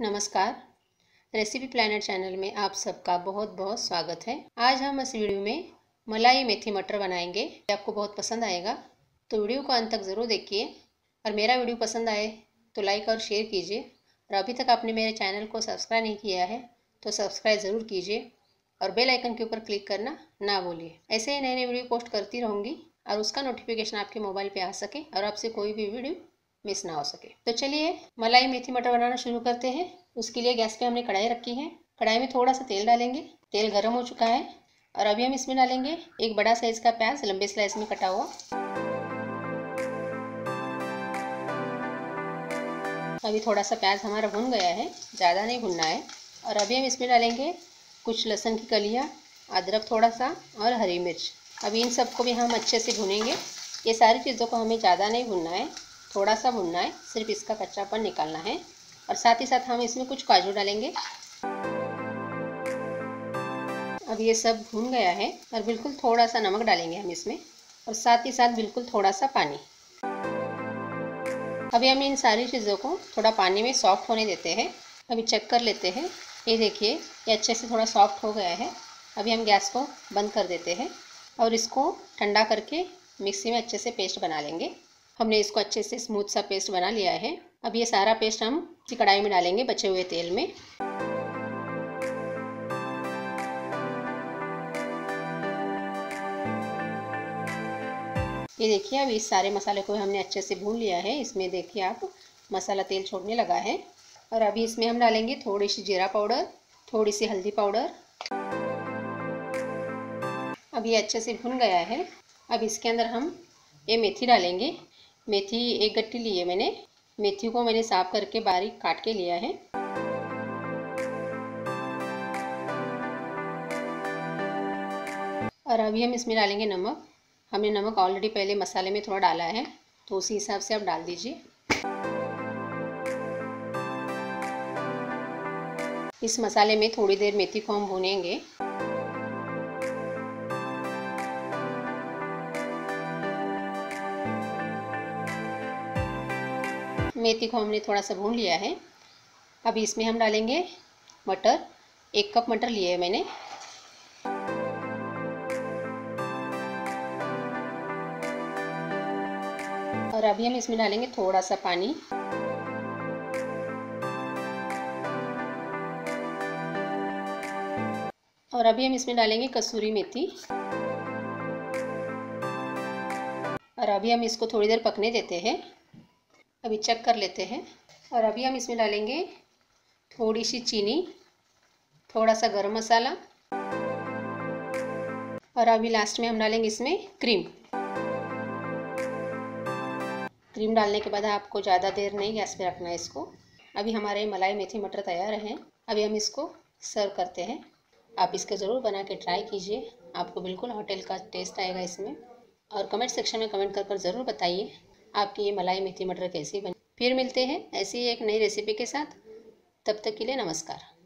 नमस्कार recipe planet channel में आप सबका बहुत बहुत स्वागत है आज हम इस वीडियो में मलाई मेथी मटर बनाएंगे ये आपको बहुत पसंद आएगा तो वीडियो को अंत तक ज़रूर देखिए और मेरा वीडियो पसंद आए तो लाइक और शेयर कीजिए और अभी तक आपने मेरे चैनल को सब्सक्राइब नहीं किया है तो सब्सक्राइब ज़रूर कीजिए और बेल आइकन के ऊपर क्लिक करना ना भूलिए ऐसे ही नए नए वीडियो पोस्ट करती रहूँगी और उसका नोटिफिकेशन आपके मोबाइल पर आ सके और आपसे कोई भी वीडियो मिस ना हो सके तो चलिए मलाई मेथी मटर बनाना शुरू करते हैं उसके लिए गैस पे हमने कढ़ाई रखी है कढ़ाई में थोड़ा सा तेल डालेंगे तेल गर्म हो चुका है और अभी हम इसमें डालेंगे एक बड़ा साइज़ का प्याज लंबे स्लाइस में कटा हुआ अभी थोड़ा सा प्याज हमारा भुन गया है ज़्यादा नहीं भुनना है और अभी हम इसमें डालेंगे कुछ लहसुन की कलियाँ अदरक थोड़ा सा और हरी मिर्च अभी इन सबको भी हम अच्छे से भुनेंगे ये सारी चीज़ों को हमें ज़्यादा नहीं भुनना है थोड़ा सा भुनना है सिर्फ इसका कच्चापन निकालना है और साथ ही साथ हम इसमें कुछ काजू डालेंगे अब ये सब भून गया है और बिल्कुल थोड़ा सा नमक डालेंगे हम इसमें और साथ ही साथ बिल्कुल थोड़ा सा पानी अभी हम इन सारी चीज़ों को थोड़ा पानी में सॉफ्ट होने देते हैं अभी चेक कर लेते हैं ये देखिए ये अच्छे से थोड़ा सॉफ्ट हो गया है अभी हम गैस को बंद कर देते हैं और इसको ठंडा करके मिक्सी में अच्छे से पेस्ट बना लेंगे हमने इसको अच्छे से स्मूथ सा पेस्ट बना लिया है अब ये सारा पेस्ट हम कढ़ाई में डालेंगे बचे हुए तेल में ये देखिए अब इस सारे मसाले को हमने अच्छे से भून लिया है इसमें देखिए आप मसाला तेल छोड़ने लगा है और अभी इसमें हम डालेंगे थोड़ी सी जीरा पाउडर थोड़ी सी हल्दी पाउडर अब ये अच्छे से भुन गया है अब इसके अंदर हम ये मेथी डालेंगे मेथी एक गट्टी ली है मैंने मेथी को मैंने साफ करके बारीक काट के लिया है और अभी हम इसमें डालेंगे नमक हमने नमक ऑलरेडी पहले मसाले में थोड़ा डाला है तो उसी हिसाब से आप डाल दीजिए इस मसाले में थोड़ी देर मेथी को हम भुनेंगे मेथी को हमने थोड़ा सा भून लिया है अभी इसमें हम डालेंगे मटर एक कप मटर लिए है मैंने और अभी हम इसमें डालेंगे थोड़ा सा पानी और अभी हम इसमें डालेंगे कसूरी मेथी और अभी हम इसको थोड़ी देर पकने देते हैं अभी चेक कर लेते हैं और अभी हम इसमें डालेंगे थोड़ी सी चीनी थोड़ा सा गरम मसाला और अभी लास्ट में हम डालेंगे इसमें क्रीम क्रीम डालने के बाद आपको ज़्यादा देर नहीं गैस पे रखना है इसको अभी हमारे मलाई मेथी मटर तैयार हैं अभी हम इसको सर्व करते हैं आप इसको ज़रूर बना के ट्राई कीजिए आपको बिल्कुल होटल का टेस्ट आएगा इसमें और कमेंट सेक्शन में कमेंट कर कर ज़रूर बताइए आपकी ये मलाई मेथी मटर कैसे बने फिर मिलते हैं ऐसी एक नई रेसिपी के साथ तब तक के लिए नमस्कार